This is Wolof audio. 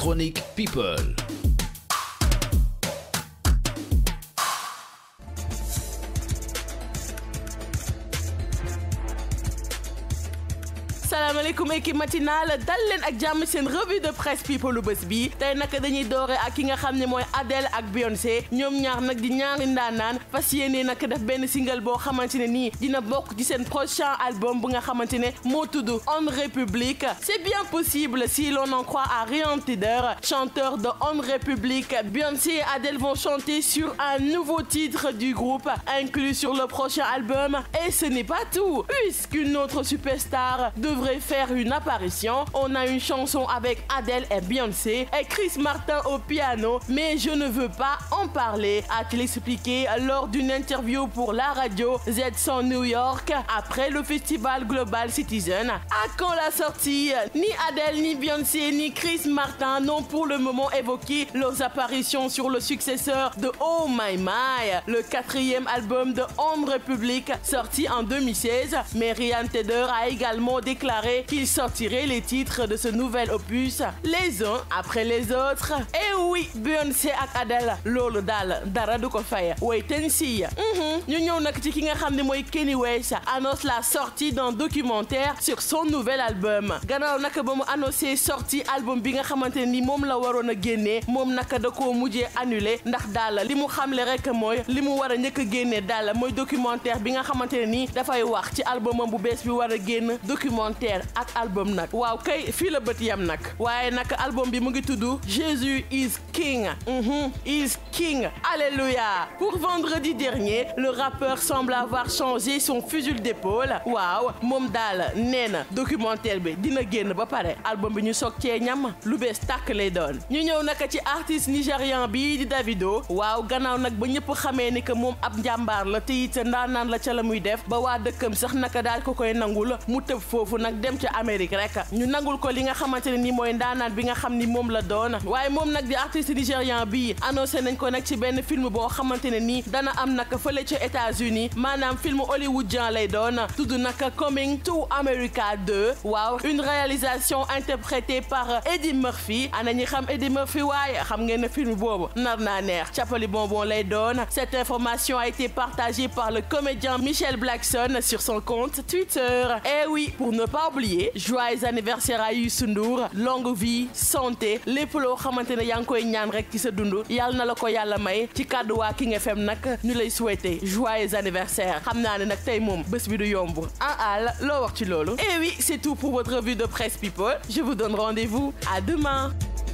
Chronique People. alaikum équipe matinale dal len ak jamm sen revue de presse people lu bés bi tay nak dañuy doore ak ki nga xamné moy Adele ak Beyoncé ñom ñaar nak di ñaari ndaanaan fas yéene nak def ben single bo xamante ni dina bok ci sen prochain album bu nga xamante ne On République c'est bien possible si l'on en croit à rien Tider chanteur de On République Beyoncé et Adele vont chanter sur un nouveau titre du groupe inclus sur le prochain album et ce n'est pas tout puisqu'une autre superstar de faire une apparition. On a une chanson avec Adele et Beyoncé et Chris Martin au piano, mais je ne veux pas en parler, a-t-il expliqué lors d'une interview pour la radio Z100 New York après le festival Global Citizen. À quand la sortie Ni Adele, ni Beyoncé, ni Chris Martin n'ont pour le moment évoqué leurs apparitions sur le successeur de Oh My My, le quatrième album de Home Republic sorti en 2016. Mais Tedder a également déclaré déclaré qu'il sortirait les titres de ce nouvel opus les uns après les autres. Et eh oui, Beyoncé ak Adele loolu dal, dara du ko wait and see ñu ñëw nak ci ki nga xam moy West annonce la sortie d'un documentaire sur son nouvel album gannaaw nak bamu mu annoncé sortie album bi nga xamanteni mom la warona a Mom nak da ko annulé ndax dal limu xamlé rek moy Limu wara ñëk guenné moi moy documentaire bi nga xamanteni da fay dafay wax ci albumam bu bees bi war guen documentaire commentaire ak album Wow, waaw kay fii la bët yam nak nak album bi mu ngi Jésus is king mhm, is king alléluia pour vendredi dernier le rappeur semble avoir changé son fusil d'épaule wow momdal dal documentaire b dina génn ba pare album bi ñu soog cee ñam lu bees tàkk lay ñu ci artiste nigérian bi di Davido wow gannaaw nak ba ñëpp xamé ni que mom ab jambar la te it ndaanaan la ca la muy def ba wa dëkkam sax nak dal ko koy nangul mu teuf fofu dem ci amerique rek ñu nangul ko li nga xamanteni ni moy ndaanaan bi nga xamni mom la doon waye mom nak di artiste nigérian bi annoncé nañ ko nak ci benn film bo xamanteni ni dana am nak fële ci États-Unis Manam film hollywoodien lay doon tudd nak Coming to America 2 waaw une réalisation interprétée par Eddie Murphy ana ñi xam Eddie Murphy waye xam ngeen film boobu nar na neex cappali bonbon lay doon cette information a été partagée par le comédien Michel Blackson sur son compte Twitter eh oui pour ne pas pas oublier joyeux anniversaire à Youssou Ndour longue vie santé Les loo xamante ne yaa ngi koy ñaan rek ci sa dund yàlla na la ko yàlla may ci King FM nak ñu lay souhaiter joyeux anniversaire xam naa ne nag tey moom bi du yomb ah al loo wax ci et eh oui c'est tout pour votre revue de presse people je vous donne rendez-vous à demain